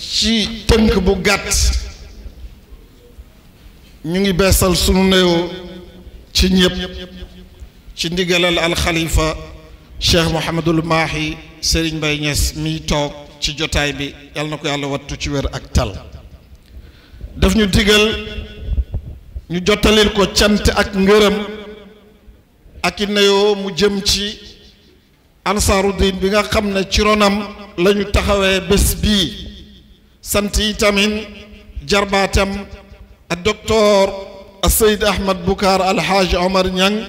ci tënk bu gàtt ñu ngi beesal sunu nuyoo ci ñëpp ci ndigalal alxalifa cheikh Mouhamadul Mahi Serigne mbay Niass miy toog ci jotaay bi yàlla na ko yàlla wattu ci wér ak tal daf ñu digal ñu jottalil ko cant ak ngërëm ak i nuyoo mu jëm ci ansaaru diin bi nga xam ne ci ronam lañu ñu taxawee bés bii sant yi tamit jarbaatam ak docteur Seyd Ahmad Boucar Alhaji Omar Niang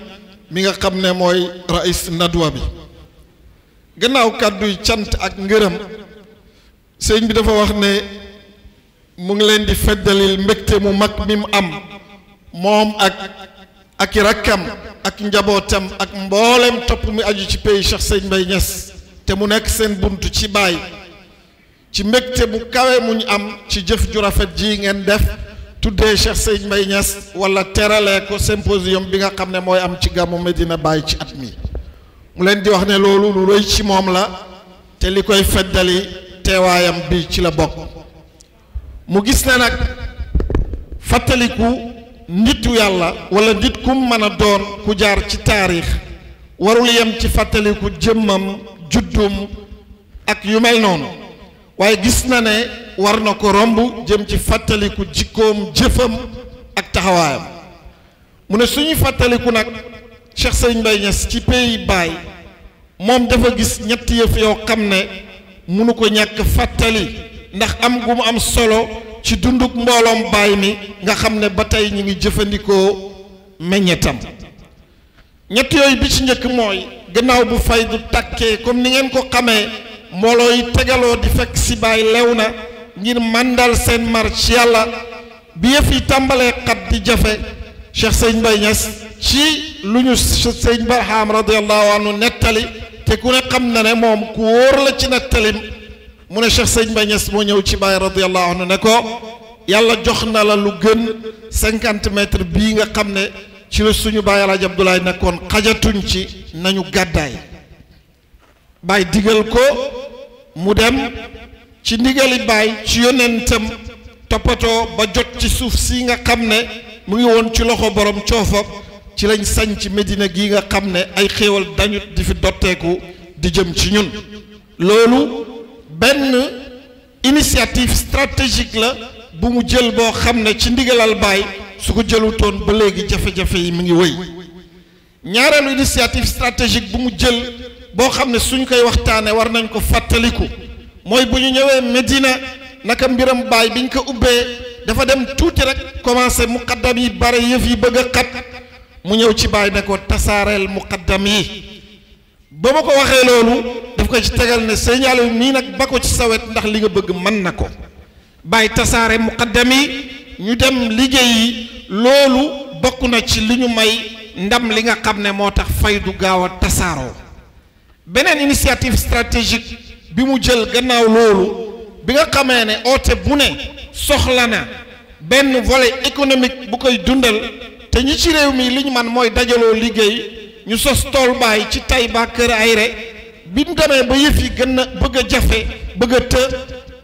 mi nga xam ne mooy rais nadwa bi gannaaw kàdduy cant ak ngërëm sëñ bi dafa wax ne mu ngi leen di feddalil mbégte mu mag mi mu am moom ak ak rakkam ak njabootam ak mboolem topp mi aju ci pays Cheikh Sëñ Mbaye Niass te mu nekk seen bunt ci baay ci mbégte bu kawe muñ am ci jëf ju rafet jii ngeen def tuddee Cheikh Sëñ Mbaye Niass wala teralee ko symposium bi nga xam ne mooy am ci gàmmu Medina bàyyi ci at mi mu leen di wax ne loolu lu rëy ci moom la te li koy feddali teewaayam bi ci la bokk mu gis ne nag fàttaliku nitu yàlla wala nit kum mën a doon ku jaar ci taarix warul yem ci fattaliku jëmmam juddum ak yu mel noonu waaye gis na ne war na ko romb jëm ci fàttaliku jikkoom jëfam ak taxawaayam mu ne suñu fàttaliku nag Cheikh Sëriñ Mbaye Niass ci pays baay moom dafa gis ñetti yëf yoo xam ne munu ko ñàkk fàttali ndax am gu mu am solo ci dunduk mbooloom baay ni nga xam ne ba tey ñu ngi jëfandikoo meññetam ñett yooyu bi ci njëkk mooy gannaaw bu fay du tàkkee comme ni ngeen ko xamee mbooloo yi tegaloo di fekk si baay lew na ngir màndal seen mar ci yàlla bi yëf yi tàmbalee xat di jafe Cheikh Sëñ Bay Ñas ci lu ñu Sëñ Barham radiallahu anhu nettali te ku ne xam na ne moom ku wóor la ci nettalim mu ne Cheikh Sëñ Bay moo ñëw ci baay radiallahu anhu ne ko yàlla jox na la lu gën cinquante mètres bii nga xam ne ci suñu baay Alaaji Abdoulaye nekkoon xajatuñ ci nañu gàddaay baay digal ko mu dem ci ndigali baay ci yonentam toppatoo ba jot ci suuf si nga xam ne mu ngi woon ci loxo borom coofam ci lañ sañ ci Medina gi nga xam ne ay xéewal dañut di fi dotteeku di jëm ci ñun loolu benn initiative stratégique la bu mu jël boo xam ne ci ndigalal baay su ko jëlutoon ba léegi jafe-jafe yi mu ngi wéy ñaareelu initiative stratégique bu mu jël boo xam ne suñ koy waxtaanee war nañ ko fàttaliku mooy bu ñu ñëwee Medina naka mbiram baay biñ ko ubbee dafa dem tuuti rek commencé muqaddam yi bare yëf yi bëgg a mu ñëw ci baay ne ko tasaareel muqaddam yi ba ma ko waxee loolu daf ko ci tegal ne sëñ nii nag ba ko ci sawet ndax li nga bëgg mën na ko bàyyi tasaare muqaddam yi ñu dem liggéey yi loolu bokk na ci li ñu may ndam li nga xam ne moo tax fay du gaaw a tasaaroo beneen initiative stratégique bi mu jël gannaaw loolu bi nga xamee ne oote bu ne soxla na benn volet économique bu koy dundal te ñi ci réew mi li ñu man mooy dajaloo liggéey ñu sos tool baay ci Taïba Kër Ayre bi ñu demee ba yëf yi gën a bëgg a jafe bëgg a të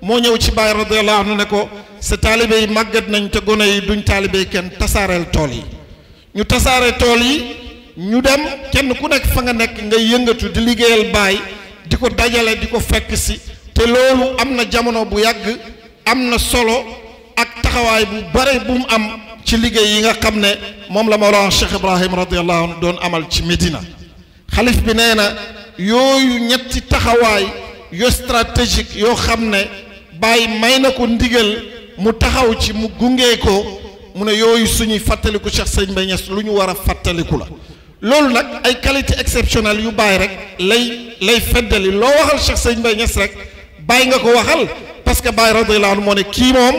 moo ñëw ci Baay radiyallahu anhu ne ko sa taalibe yi màggat nañ te gone yi duñ taalibe kenn tasaareel tool yi ñu tasaare tool yi ñu dem kenn ku nekk fa nga nekk ngay yëngatu di liggéeyal baay di ko dajale di ko fekk si te loolu am na jamono bu yàgg am na solo ak taxawaay bu bare bu mu am ci liggéey yi nga xam ne moom la Mawlana Cheikh Ibrahim radiyallahu anhu doon amal ci Medina xalif bi nee na yooyu ñetti taxawaay yo stratégique yoo xam ne bàyyi may na ko ndigal mu taxaw ci mu gunge ko mu ne yooyu suñuy fàttaliku Cheikh Sëñ Mbaye lu ñu war a fàttaliku la loolu nag ay qualité exceptionnelle yu bàyyi rek lay lay feddali loo waxal Cheikh Sëñ Mbaye Niass rek bàyyi nga ko waxal parce que Baye radiyallahu anhu moo ne kii moom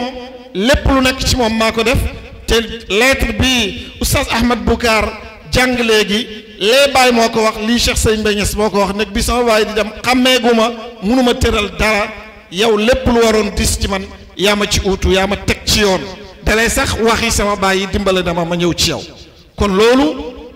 lépp lu nekk ci moom maa ko def te lettre bi oustaz Ahmad Boucar jàng léegi lee Baye moo ko wax lii Cheikh Sëñ Mbaye Niass moo ko wax nag bi sama waaye di dem xàmmeeguma munuma tëral dara yow lépp lu waroon dis ci man yaa ma ci uutu yaa ma teg ci yoon dalay sax wax yi sama baay yi dimbale dama ma ñëw ci yow kon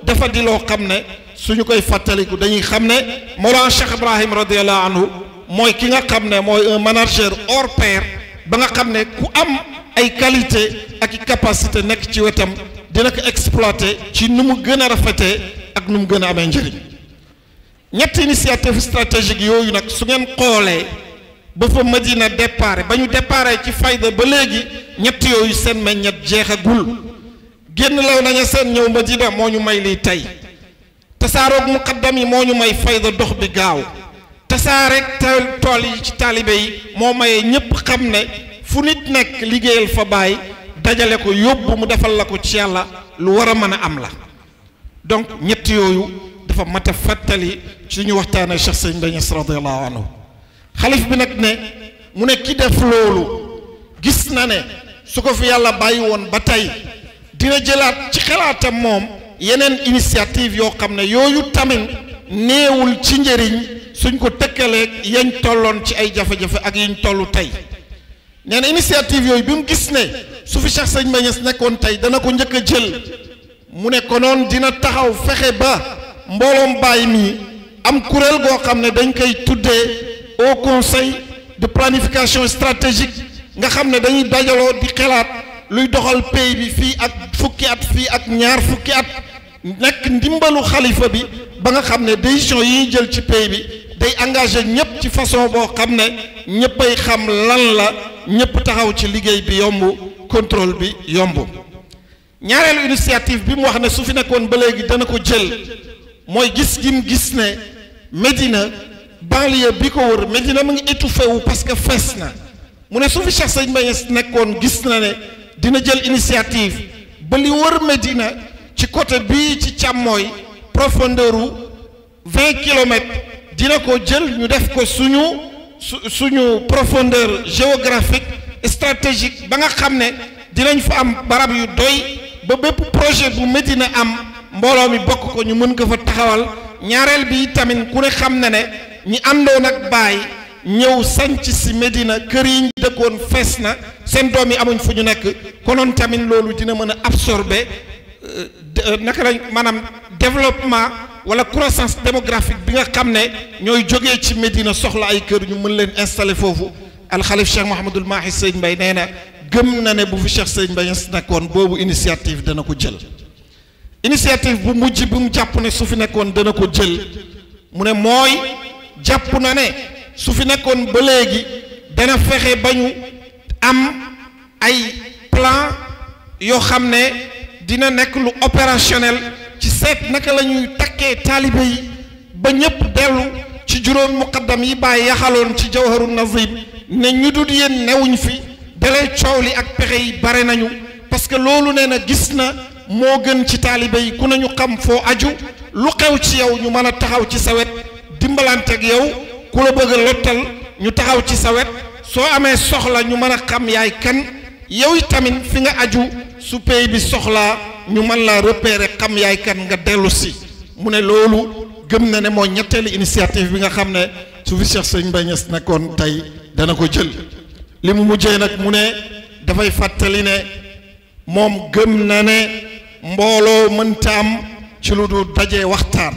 dafa di loo xam ne suñu koy fàttaliku dañuy xam ne Mawlana Cheikh Ibrahim radiallahu anhu mooy ki nga xam ne mooy un manager hors pair ba nga xam ne ku am ay qualité ak i capacité nekk ci wetam dina ko exploité ci nu mu gën a rafetee ak nu mu gën a amee njëriñ ñetti initiative stratégique yooyu nag su ngeen xoolee ba fa Madina départ ba ñu départ ci fayda ba léegi ñett yooyu seen meññet jeexagul génn law nañu seen ñëw Madina moo ñu may lii tey tasaaroog muqaddam yi moo ñu may fayda dox bi gaaw tasaareeg tool yi ci taalibe yi moo mayee ñépp xam ne fu nit nekk liggéeyal fa bàyyi dajale ko yóbbu mu defal la ko ci yàlla lu war a mën a am la donc ñett yooyu dafa mat fàttali ci ñu waxtaanee Cheikh Sëñ Mbaye Niass radiyallahu anhu xalif bi nag ne mu ne ki def loolu gis na ne su ko fi yàlla bàyyi woon ba tey dina jëlaat ci xalaatam moom yeneen initiative yoo xam ne yooyu tamit néewul ci njëriñ suñ ko tëkkaleeg yañ tolloon ci ay jafe-jafe ak yiñ tollu tey nee na initiative yooyu bi mu gis ne su fi sañ Sëñ Bañes nekkoon tey dana ko njëkk a jël mu ne ko noonu dina taxaw fexe ba mbooloom bàyyi mi am kuréel goo xam ne dañ koy tuddee au conseil de planification stratégique nga xam ne dañuy dajaloo di xalaat luy doxal pays bi fii ak fukki at fii ak ñaar fukki at nekk ndimbalu xalifa bi ba nga xam ne décision yi ñuy jël ci pays bi day engagé ñëpp ci façon boo xam ne ñëppay xam lan la ñëpp taxaw ci liggéey bi yomb contrôle bi yomb ñaareelu initiative bi mu wax ne su fi nekkoon ba léegi dana ko jël mooy gis gim gis ne Médina banlieue bi ko wër Médina mu ngi étouffé wu parce que fees na mu ne su fi Cheikh Sëñ Bañes nekkoon gis na ne dina jël initiative ba li wër Médina ci côté bii ci càmmooy profondeur u vingt kilomètres dina ko jël ñu def ko suñu su suñu profondeur géographique stratégique ba nga xam ne dinañ fa am barab yu doy ba bépp projet bu Médina am mbooloo mi bokk ko ñu mën ko fa taxawal ñaareel bi tamit ku ne xam ne ne ñi àndoon ak Baye ñëw sanc si Medina kër yi ñu dëkkoon fees na seen doom yi amuñ fu ñu nekk konoon tamit loolu dina mën a absorber euh, euh, naka lañ maanaam développement wala croissance démographique bi nga xam ne ñooy jóge ci Medina soxla ay kër ñu mën leen installer foofu alxalif Cheikh Mouhamadul Mahi Sëñ mbay nee na gëm na ne bu fi Cheikh Sëñ Mbaye nekkoon boobu initiative dana ko jël initiative bu mujj bu mu jàpp ne su fi nekkoon dana ko jël mu ne mooy jàpp na ne. su fi nekkoon ba léegi dana fexe ba ñu am ay plan yoo xam ne dina nekk lu opérationnel ci seet naka la ñuy takkee taalibe yi ba ñépp dellu ci juróom muqaddam yi bàyyi yaxaloon ci jawharu nazim ne ñu dut yéen newuñ fi dalee coow li ak pexe yi bare nañu parce que loolu nee na gis na moo gën ci taalibe yi ku nañu xam foo aju lu xew ci yow ñu mën a taxaw ci sawet dimbalanteeg yow ku la bëgg a lottal ñu taxaw ci sa wet soo amee soxla ñu mën a xam yaay kan yow tamit fi nga aju su bi soxla ñu mën laa repérer xam yaay kan nga dellu si mu ne loolu gëm na ne moo ñetteelu initiative bi nga xam ne su fi Cheikh Sëñ Mbaye nekkoon tey dana ko jël li mu mujjee nag mu ne dafay fàttali ne moom gëm na ne mbooloo mënta am ci lu dul dajee waxtaan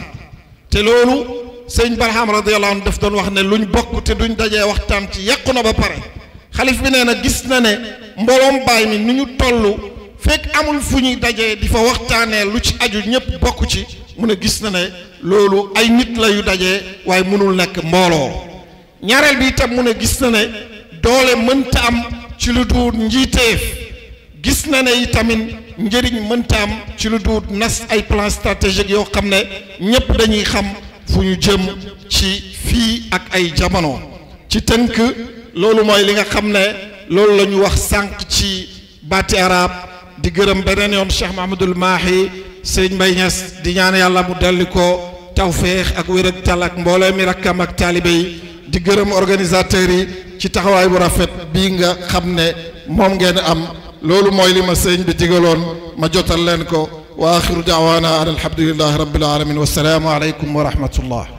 te loolu sëñ Barham radiyallahu anhu daf doon wax ne luñ bokk te duñ daje waxtaan ci yàqu na ba pare xalif bi nee na gis na ne mbooloom baay mi nu ñu toll fekk amul fu ñuy daje di fa waxtaanee lu ci aju ñëpp bokk ci mu ne gis na ne loolu ay nit la daje waaye mënul nekk mbooloo ñaareel bi itam mu ne gis na ne doole mënta am ci lu duut njiiteef gis na ne itamit njëriñ mënta am ci lu duut nas ay plan stratégique yoo xam ne ñëpp dañuy xam fu ñu jëm ci fii ak ay jamono ci tënk loolu mooy li nga xam ne loolu la ñu wax sànq ci baati arab di gërëm beneen yoon Cheikh Mahamadul Maahi sëñ mbay Niass di ñaan yàlla mu delli ko tawféex ak wér ak tal ak mbooloo mi rakkam ak taalibe yi di gërëm organisateurs yi ci taxawaay bu rafet bii nga xam ne moom ngeen am loolu mooy li ma sëñ bi digaloon ma jotal leen ko wa axiru daawaana an alhamdulilahi rabbil alamin wa salaamu aleykum wa rahmatullah